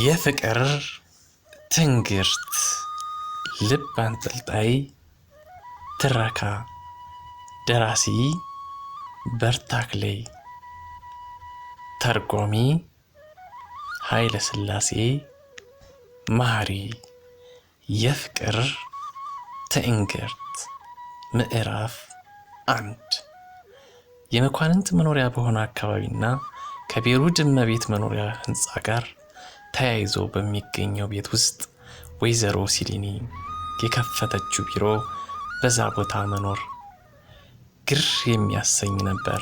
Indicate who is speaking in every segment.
Speaker 1: የፍቅር ትንግርት ልብ አንጠልጣይ ትረካ ደራሲ በርታክሌ ተርጓሚ ኃይለ ሥላሴ መሐሪ የፍቅር ትንግርት ምዕራፍ አንድ የመኳንንት መኖሪያ በሆነ አካባቢና ከቤሩ ድመ ቤት መኖሪያ ህንፃ ጋር ተያይዞ በሚገኘው ቤት ውስጥ ወይዘሮ ሲሊኒ የከፈተችው ቢሮ በዛ ቦታ መኖር ግር የሚያሰኝ ነበር።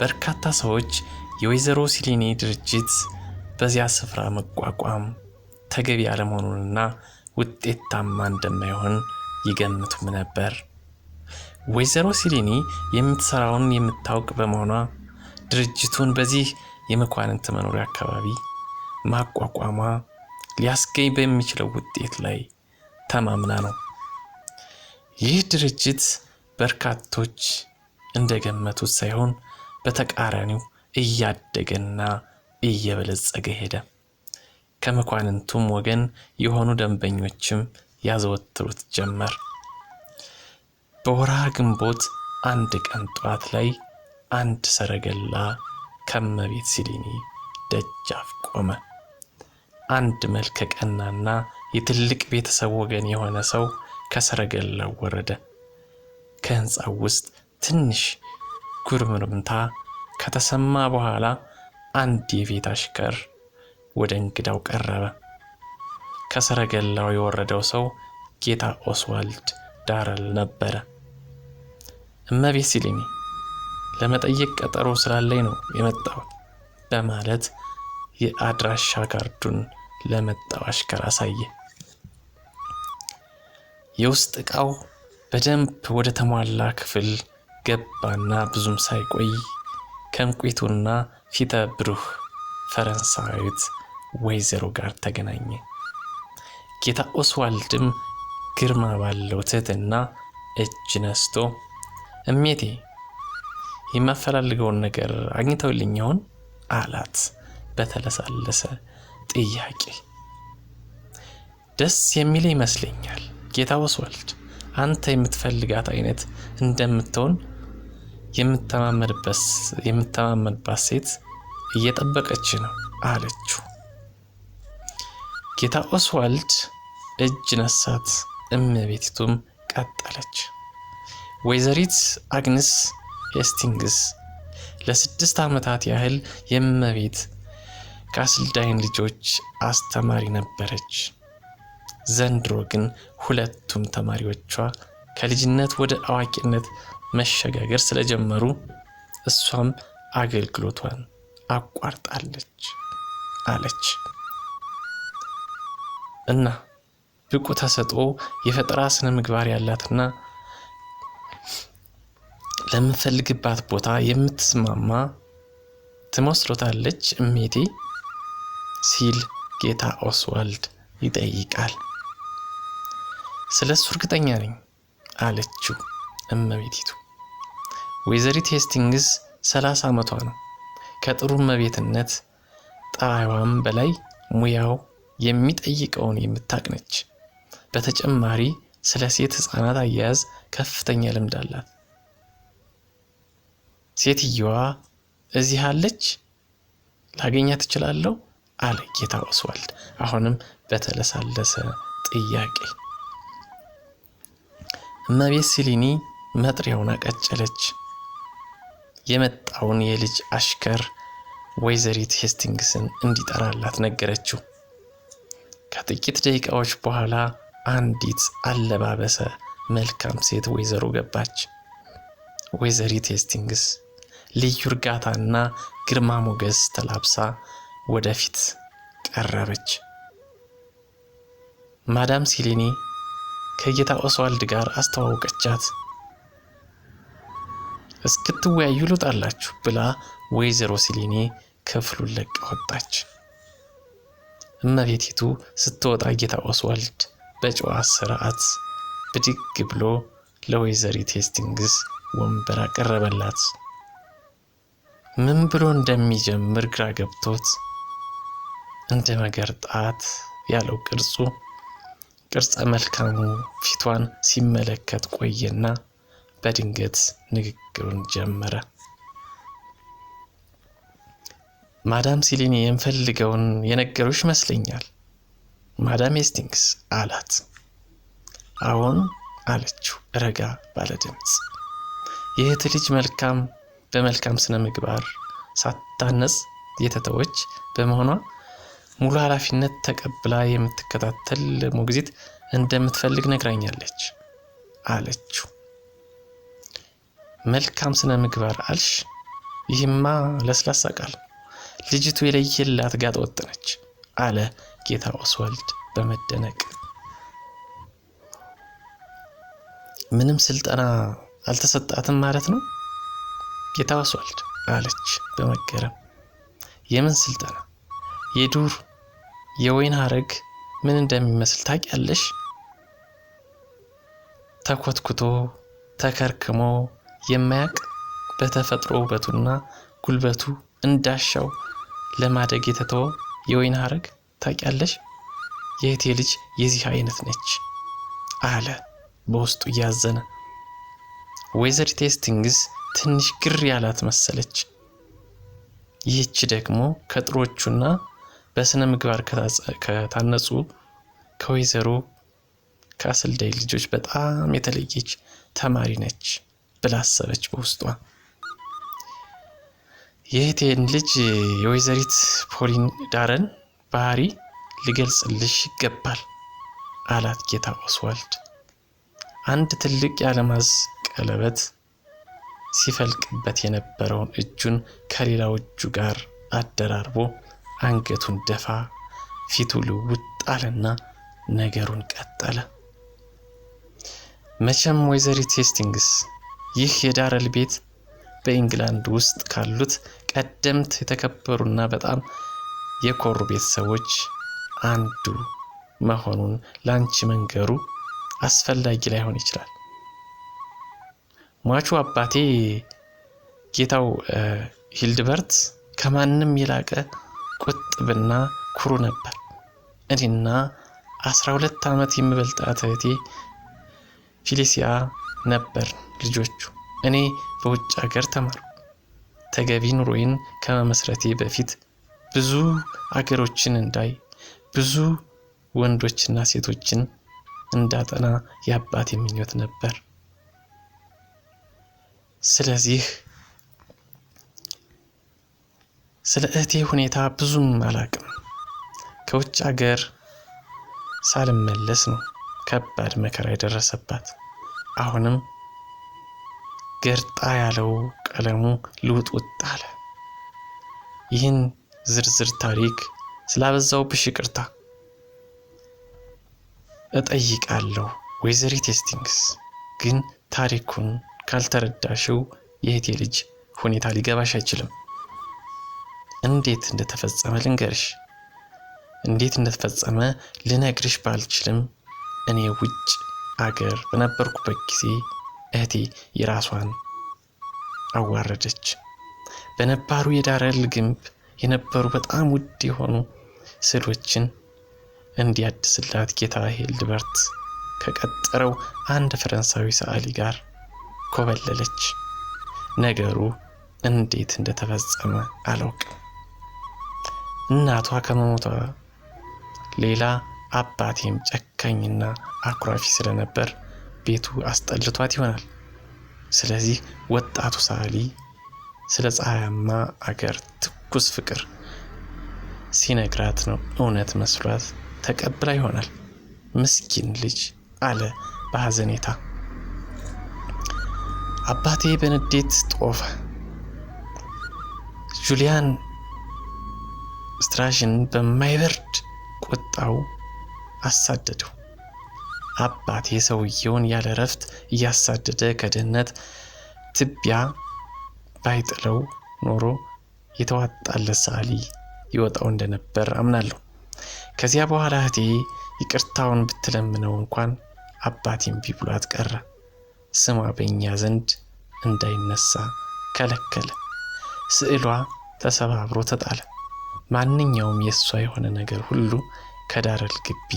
Speaker 1: በርካታ ሰዎች የወይዘሮ ሲሊኒ ድርጅት በዚያ ስፍራ መቋቋም ተገቢ አለመሆኑንና ውጤታማ እንደማይሆን ይገምቱም ነበር። ወይዘሮ ሲሊኒ የምትሰራውን የምታውቅ በመሆኗ ድርጅቱን በዚህ የመኳንንት መኖሪያ አካባቢ ማቋቋሟ ሊያስገኝ በሚችለው ውጤት ላይ ተማምና ነው። ይህ ድርጅት በርካቶች እንደገመቱት ሳይሆን በተቃራኒው እያደገና እየበለጸገ ሄደ። ከመኳንንቱም ወገን የሆኑ ደንበኞችም ያዘወትሩት ጀመር። በወርሃ ግንቦት አንድ ቀን ጠዋት ላይ አንድ ሰረገላ ከመቤት ሲሊኒ ደጃፍ ቆመ። አንድ መልከ ቀናና የትልቅ ቤተሰብ ወገን የሆነ ሰው ከሰረገላው ወረደ። ከህንፃው ውስጥ ትንሽ ጉርምርምታ ከተሰማ በኋላ አንድ የቤት አሽከር ወደ እንግዳው ቀረበ። ከሰረገላው የወረደው ሰው ጌታ ኦስዋልድ ዳረል ነበረ። እመቤት ሲሊኒ፣ ለመጠየቅ ቀጠሮ ስላለኝ ነው የመጣሁት በማለት የአድራሻ ካርዱን ለመጣው አሽከር አሳየ። የውስጥ ዕቃው በደንብ ወደ ተሟላ ክፍል ገባና ብዙም ሳይቆይ ከእንቁቱና ፊተ ብሩህ ፈረንሳዊት ወይዘሮ ጋር ተገናኘ። ጌታ ኦስዋልድም ግርማ ባለው ትህትና እጅ ነስቶ እሜቴ የማፈላልገውን ነገር አግኝተውልኝ ይሆን አላት። በተለሳለሰ ጥያቄ ደስ የሚል ይመስለኛል። ጌታ ወስወልድ አንተ የምትፈልጋት አይነት እንደምትሆን የምተማመንባት ሴት እየጠበቀች ነው አለችው። ጌታ ኦስዋልድ እጅ ነሳት። እመቤቲቱም ቀጠለች። ወይዘሪት አግንስ ሄስቲንግስ ለስድስት ዓመታት ያህል የእመቤት ከአስልዳይን ልጆች አስተማሪ ነበረች። ዘንድሮ ግን ሁለቱም ተማሪዎቿ ከልጅነት ወደ አዋቂነት መሸጋገር ስለጀመሩ እሷም አገልግሎቷን አቋርጣለች አለች እና ብቁ ተሰጥኦ የፈጠራ ስነ ምግባር ያላትና ለምንፈልግባት ቦታ የምትስማማ ትመስሎታለች እሜቴ። ሲል ጌታ ኦስዋልድ ይጠይቃል። ስለ እሱ እርግጠኛ ነኝ አለችው እመቤቲቱ። ወይዘሪት ሄስቲንግስ ሰላሳ ዓመቷ ነው። ከጥሩ እመቤትነት ጠባይዋም በላይ ሙያው የሚጠይቀውን የምታቅ ነች። በተጨማሪ ስለ ሴት ሕፃናት አያያዝ ከፍተኛ ልምድ አላት። ሴትየዋ እዚህ አለች። ላገኛት እችላለሁ? አለ ጌታ ኦስዋልድ አሁንም በተለሳለሰ ጥያቄ። እመቤት ሲሊኒ መጥሪያውን አቀጨለች። የመጣውን የልጅ አሽከር ወይዘሪት ሄስቲንግስን እንዲጠራላት ነገረችው። ከጥቂት ደቂቃዎች በኋላ አንዲት አለባበሰ መልካም ሴት ወይዘሮ ገባች። ወይዘሪት ሄስቲንግስ ልዩ እርጋታና ግርማ ሞገስ ተላብሳ ወደፊት ቀረበች። ማዳም ሲሊኒ ከጌታ ኦስዋልድ ጋር አስተዋወቀቻት። እስክትወያዩ ልውጣላችሁ ብላ ወይዘሮ ሲሊኒ ክፍሉን ለቃ ወጣች። እመቤቲቱ ስትወጣ ጌታ ኦስዋልድ በጨዋ ስርዓት ብድግ ብሎ ለወይዘሪት ሄስቲንግስ ወንበር አቀረበላት። ምን ብሎ እንደሚጀምር ግራ ገብቶት እንደ ነገር ጣት ያለው ቅርጹ ቅርጸ መልካሙ ፊቷን ሲመለከት ቆየና በድንገት ንግግሩን ጀመረ። ማዳም ሲሊኒ የምፈልገውን የነገሩሽ ይመስለኛል ማዳም ሄስቲንግስ አላት። አሁን አለችው ረጋ ባለ ድምፅ። የእህት ልጅ መልካም በመልካም ስነ ምግባር ሳታነጽ የተተወች በመሆኗ ሙሉ ኃላፊነት ተቀብላ የምትከታተል ሞግዚት እንደምትፈልግ ነግራኛለች አለችው። መልካም ስነ ምግባር አልሽ? ይህማ ለስላሳ ቃል ልጅቱ የለየላት ጋጥ ወጥ ነች አለ ጌታ ኦስወልድ በመደነቅ። ምንም ስልጠና አልተሰጣትም ማለት ነው ጌታ ኦስወልድ አለች በመገረም። የምን ስልጠና የዱር የወይን ሀረግ ምን እንደሚመስል ታውቂያለሽ? ተኮትኩቶ ተከርክሞ የማያቅ በተፈጥሮ ውበቱና ጉልበቱ እንዳሻው ለማደግ የተተወ የወይን ሀረግ ታውቂያለሽ? የእህቴ ልጅ የዚህ አይነት ነች አለ በውስጡ እያዘነ። ወይዘሪት ቴስቲንግስ ትንሽ ግር ያላት መሰለች። ይህች ደግሞ ከጥሮቹና በስነ ምግባር ከታነጹ ከወይዘሮ ከአስልዳይ ልጆች በጣም የተለየች ተማሪ ነች ብላሰበች በውስጧ። የእህቴን ልጅ የወይዘሪት ፖሊን ዳረን ባህሪ ሊገልጽልሽ ይገባል አላት ጌታ ኦስዋልድ። አንድ ትልቅ የአልማዝ ቀለበት ሲፈልቅበት የነበረውን እጁን ከሌላው እጁ ጋር አደራርቦ አንገቱን ደፋ፣ ፊቱ ልውጥ አለና ነገሩን ቀጠለ። መቼም ወይዘሪት ሄስቲንግስ ይህ የዳረል ቤት በኢንግላንድ ውስጥ ካሉት ቀደምት የተከበሩና በጣም የኮሩ ቤተሰቦች አንዱ መሆኑን ለአንቺ መንገሩ አስፈላጊ ላይሆን ይችላል። ሟቹ አባቴ ጌታው ሂልድበርት ከማንም የላቀ ቁጥብና ኩሩ ነበር። እኔና አስራ ሁለት ዓመት የምበልጣት እህቴ ፊሊሲያ ነበር ልጆቹ። እኔ በውጭ ሀገር ተማርኩ። ተገቢ ኑሮዬን ከመመስረቴ በፊት ብዙ አገሮችን እንዳይ፣ ብዙ ወንዶችና ሴቶችን እንዳጠና የአባቴ ምኞት ነበር። ስለዚህ ስለ እህቴ ሁኔታ ብዙም አላቅም። ከውጭ አገር ሳልመለስ ነው ከባድ መከራ የደረሰባት። አሁንም ገርጣ ያለው ቀለሙ ልውጥውጥ አለ። ይህን ዝርዝር ታሪክ ብሽ ይቅርታ እጠይቃለሁ ወይዘሪት ቴስቲንግስ ግን ታሪኩን ካልተረዳሽው የእህቴ ልጅ ሁኔታ ሊገባሽ አይችልም። እንዴት እንደተፈጸመ ልንገርሽ። እንዴት እንደተፈጸመ ልነግርሽ ባልችልም እኔ ውጭ አገር በነበርኩበት ጊዜ እህቴ የራሷን አዋረደች። በነባሩ የዳረል ግንብ የነበሩ በጣም ውድ የሆኑ ስዕሎችን እንዲያድስላት ጌታ ሄልድበርት ከቀጠረው አንድ ፈረንሳዊ ሰዓሊ ጋር ኮበለለች። ነገሩ እንዴት እንደተፈጸመ አላውቅም። እናቷ ከመሞቷ ሌላ አባቴም ጨካኝና አኩራፊ ስለነበር ቤቱ አስጠልቷት ይሆናል። ስለዚህ ወጣቱ ሳሊ ስለ ፀሐያማ አገር ትኩስ ፍቅር ሲነግራት ነው እውነት መስሏት ተቀብላ ይሆናል። ምስኪን ልጅ አለ በሐዘኔታ። አባቴ በንዴት ጦፈ። ጁሊያን ስትራሽን በማይበርድ ቁጣው አሳደደው። አባቴ ሰውየውን ያለ እረፍት እያሳደደ ከድህነት ትቢያ ባይጥለው ኖሮ የተዋጣለት ሰዓሊ ይወጣው እንደነበር አምናለሁ። ከዚያ በኋላ እህቴ ይቅርታውን ብትለምነው እንኳን አባቴን ቢብሏት ቀረ። ስሟ በእኛ ዘንድ እንዳይነሳ ከለከለ። ስዕሏ ተሰባብሮ ተጣለ። ማንኛውም የእሷ የሆነ ነገር ሁሉ ከዳረል ግቢ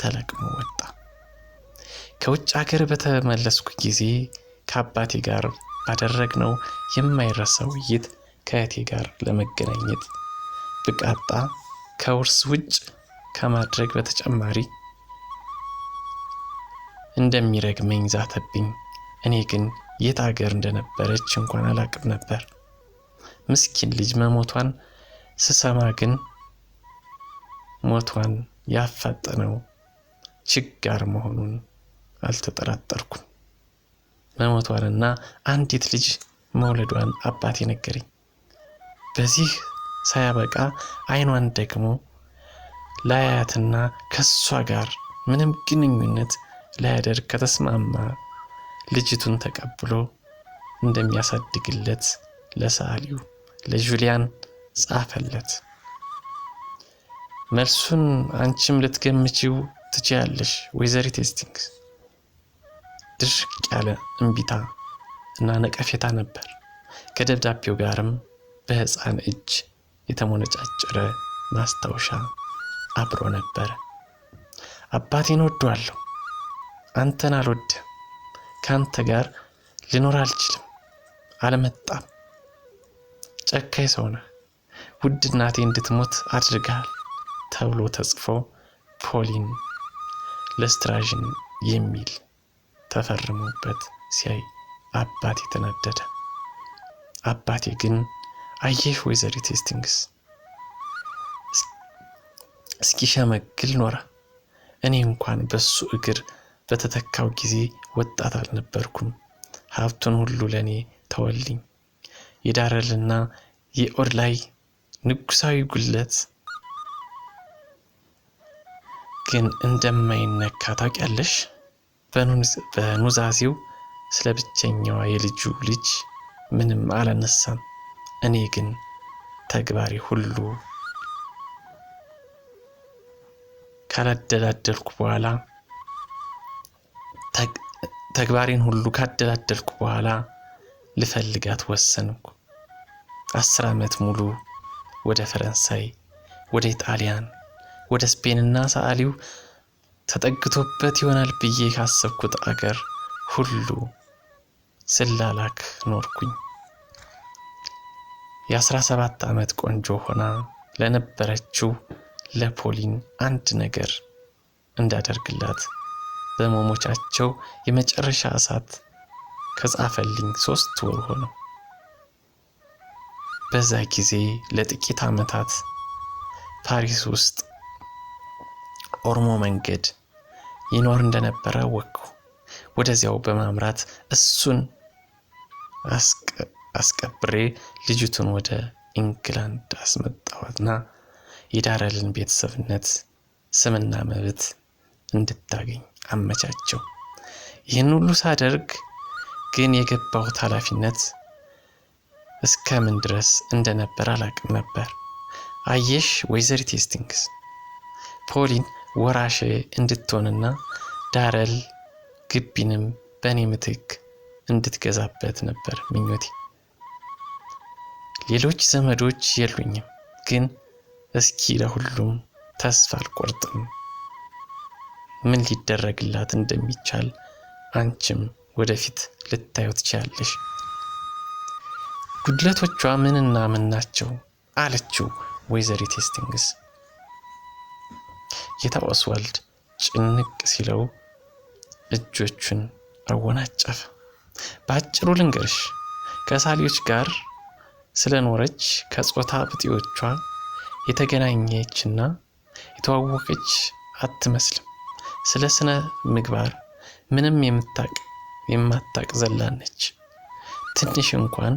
Speaker 1: ተለቅሞ ወጣ። ከውጭ አገር በተመለስኩ ጊዜ ከአባቴ ጋር ባደረግነው የማይረሳ ውይይት ከእህቴ ጋር ለመገናኘት ብቃጣ ከውርስ ውጭ ከማድረግ በተጨማሪ እንደሚረግመኝ ዛተብኝ። እኔ ግን የት አገር እንደነበረች እንኳን አላቅም ነበር። ምስኪን ልጅ መሞቷን ስሰማ ግን ሞቷን ያፋጠነው ችጋር መሆኑን አልተጠራጠርኩም። መሞቷንና አንዲት ልጅ መውለዷን አባት ነገረኝ። በዚህ ሳያበቃ አይኗን ደግሞ ላያትና ከሷ ጋር ምንም ግንኙነት ላያደርግ ከተስማማ ልጅቱን ተቀብሎ እንደሚያሳድግለት ለሰዓሊው ለጁሊያን ጻፈለት። መልሱን አንቺም ልትገምችው ትችያለሽ ወይዘሪት ሄስቲንግስ። ድርቅ ያለ እምቢታ እና ነቀፌታ ነበር። ከደብዳቤው ጋርም በሕፃን እጅ የተሞነጫጨረ ማስታወሻ አብሮ ነበረ። አባቴን ወዷለሁ፣ አንተን አልወድም፣ ከአንተ ጋር ልኖር አልችልም፣ አልመጣም፣ ጨካኝ ሰው ነህ ውድ እናቴ እንድትሞት አድርገሃል ተብሎ ተጽፎ ፖሊን ለስትራዥን የሚል ተፈርሞበት ሲያይ አባቴ ተናደደ። አባቴ ግን አየሽ ወይዘሪት ቴስቲንግስ እስኪሸመግል ኖረ። እኔ እንኳን በሱ እግር በተተካው ጊዜ ወጣት አልነበርኩም። ሀብቱን ሁሉ ለእኔ ተወልኝ የዳረልና የኦድላይ ላይ ንጉሳዊ ጉለት ግን እንደማይነካ ታውቂያለሽ። በኑዛዜው ስለ ብቸኛዋ የልጁ ልጅ ምንም አላነሳም። እኔ ግን ተግባሪ ሁሉ ካላደላደልኩ በኋላ ተግባሬን ሁሉ ካደላደልኩ በኋላ ልፈልጋት ወሰንኩ። አስር ዓመት ሙሉ ወደ ፈረንሳይ፣ ወደ ኢጣሊያን፣ ወደ ስፔንና ሰዓሊው ተጠግቶበት ይሆናል ብዬ ካሰብኩት አገር ሁሉ ስላላክ ኖርኩኝ። የአስራ ሰባት ዓመት ቆንጆ ሆና ለነበረችው ለፖሊን አንድ ነገር እንዳደርግላት በመሞቻቸው የመጨረሻ እሳት ከጻፈልኝ ሶስት ወር ሆነው። በዛ ጊዜ ለጥቂት ዓመታት ፓሪስ ውስጥ ኦርሞ መንገድ ይኖር እንደነበረ ወቅኩ። ወደዚያው በማምራት እሱን አስቀብሬ ልጅቱን ወደ ኢንግላንድ አስመጣዋትና የዳረልን ቤተሰብነት ስምና መብት እንድታገኝ አመቻቸው። ይህን ሁሉ ሳደርግ ግን የገባሁት ኃላፊነት እስከ ምን ድረስ እንደነበር አላቅም ነበር። አየሽ ወይዘሪት ሄስቲንግስ ፖሊን ወራሽ እንድትሆንና ዳረል ግቢንም በእኔ ምትክ እንድትገዛበት ነበር ምኞቴ። ሌሎች ዘመዶች የሉኝም፣ ግን እስኪ ለሁሉም ተስፋ አልቆርጥም። ምን ሊደረግላት እንደሚቻል አንቺም ወደፊት ልታዩ ትችላለሽ። ጉድለቶቿ ምንና ምን ናቸው? አለችው ወይዘሪት ሄስቲንግስ። ጌታ ኦስዋልድ ጭንቅ ሲለው እጆቹን አወናጨፈ። በአጭሩ ልንገርሽ ከሳሊዎች ጋር ስለኖረች ከጾታ ብጤዎቿ የተገናኘችና የተዋወቀች አትመስልም። ስለ ስነ ምግባር ምንም የምታቅ የማታቅ ዘላነች ትንሽ እንኳን